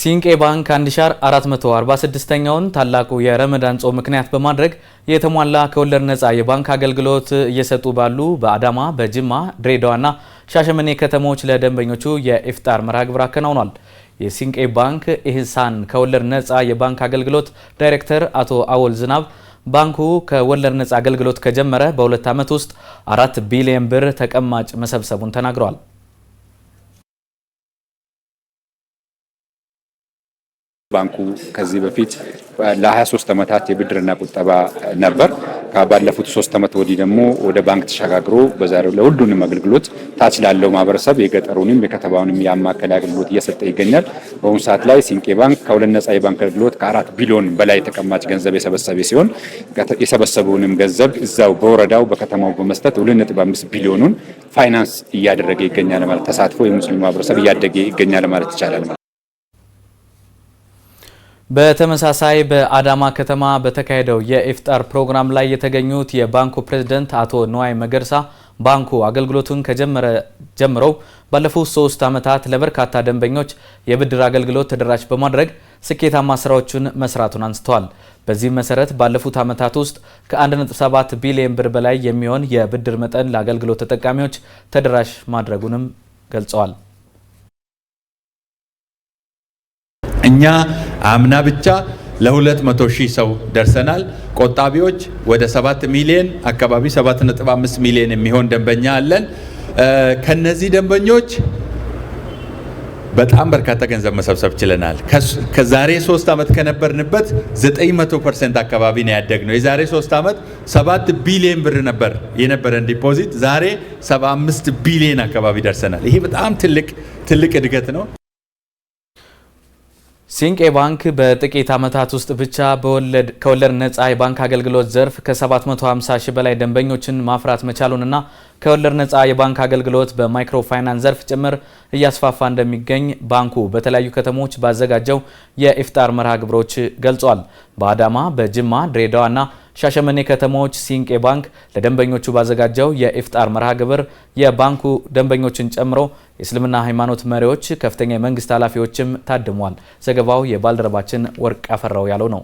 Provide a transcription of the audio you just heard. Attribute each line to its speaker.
Speaker 1: ሲንቄ ባንክ 1446ኛውን ታላቁ የረመዳን ጾም ምክንያት በማድረግ የተሟላ ከወለድ ነፃ የባንክ አገልግሎት እየሰጡ ባሉ በአዳማ፣ በጅማ፣ ድሬዳዋና ሻሸመኔ ከተሞች ለደንበኞቹ የኢፍጣር መርሃ ግብር አከናውኗል። የሲንቄ ባንክ ኢህሳን ከወለድ ነፃ የባንክ አገልግሎት ዳይሬክተር አቶ አወል ዝናብ ባንኩ ከወለድ ነፃ አገልግሎት ከጀመረ በሁለት ዓመት ውስጥ አራት ቢሊዮን ብር ተቀማጭ መሰብሰቡን ተናግረዋል።
Speaker 2: ባንኩ ከዚህ በፊት ለ23 ዓመታት የብድርና ቁጠባ ነበር። ባለፉት ሶስት ዓመት ወዲህ ደግሞ ወደ ባንክ ተሸጋግሮ በዛሬው ለሁሉንም አገልግሎት ታች ላለው ማህበረሰብ የገጠሩንም የከተማውንም ያማከለ አገልግሎት እየሰጠ ይገኛል። በአሁኑ ሰዓት ላይ ሲንቄ ባንክ ከሁለት ነጻ የባንክ አገልግሎት ከአራት ቢሊዮን በላይ ተቀማጭ ገንዘብ የሰበሰበ ሲሆን የሰበሰበውንም ገንዘብ እዛው በወረዳው በከተማው በመስጠት ሁለት ነጥብ አምስት ቢሊዮኑን ፋይናንስ እያደረገ ይገኛል ማለት ተሳትፎ የሙስሊም ማህበረሰብ እያደገ ይገኛል ማለት ይቻላል።
Speaker 1: በተመሳሳይ በአዳማ ከተማ በተካሄደው የኢፍጣር ፕሮግራም ላይ የተገኙት የባንኩ ፕሬዝደንት አቶ ነዋይ መገርሳ ባንኩ አገልግሎቱን ከጀመረ ጀምሮ ባለፉት ሶስት ዓመታት ለበርካታ ደንበኞች የብድር አገልግሎት ተደራሽ በማድረግ ስኬታማ ስራዎችን መስራቱን አንስተዋል። በዚህም መሰረት ባለፉት ዓመታት ውስጥ ከ1.7 ቢሊዮን ብር በላይ የሚሆን የብድር መጠን ለአገልግሎት ተጠቃሚዎች ተደራሽ ማድረጉንም ገልጸዋል።
Speaker 3: እኛ አምና ብቻ ለ200 ሺህ ሰው ደርሰናል። ቆጣቢዎች ወደ 7 ሚሊዮን አካባቢ 7.5 ሚሊዮን የሚሆን ደንበኛ አለን። ከነዚህ ደንበኞች በጣም በርካታ ገንዘብ መሰብሰብ ችለናል። ከዛሬ 3 ዓመት ከነበርንበት 900 ፐርሰንት አካባቢ ነው ያደግነው። የዛሬ 3 ዓመት 7 ቢሊዮን ብር ነበር የነበረን ዲፖዚት፣ ዛሬ 75 ቢሊዮን አካባቢ ደርሰናል። ይሄ በጣም ትልቅ ትልቅ እድገት ነው።
Speaker 1: ሲንቄ ባንክ በጥቂት ዓመታት ውስጥ ብቻ ከወለድ ነፃ የባንክ አገልግሎት ዘርፍ ከ750 ሺህ በላይ ደንበኞችን ማፍራት መቻሉንና ከወለድ ነፃ የባንክ አገልግሎት በማይክሮ ፋይናንስ ዘርፍ ጭምር እያስፋፋ እንደሚገኝ ባንኩ በተለያዩ ከተሞች ባዘጋጀው የኢፍጣር መርሃ ግብሮች ገልጿል። በአዳማ፣ በጅማ፣ ድሬዳዋና ሻሸመኔ ከተሞች ሲንቄ ባንክ ለደንበኞቹ ባዘጋጀው የኢፍጣር መርሃ ግብር የባንኩ ደንበኞችን ጨምሮ የእስልምና ሃይማኖት መሪዎች፣ ከፍተኛ የመንግስት ኃላፊዎችም ታድሟል። ዘገባው የባልደረባችን ወርቅ ያፈራው ያለው ነው።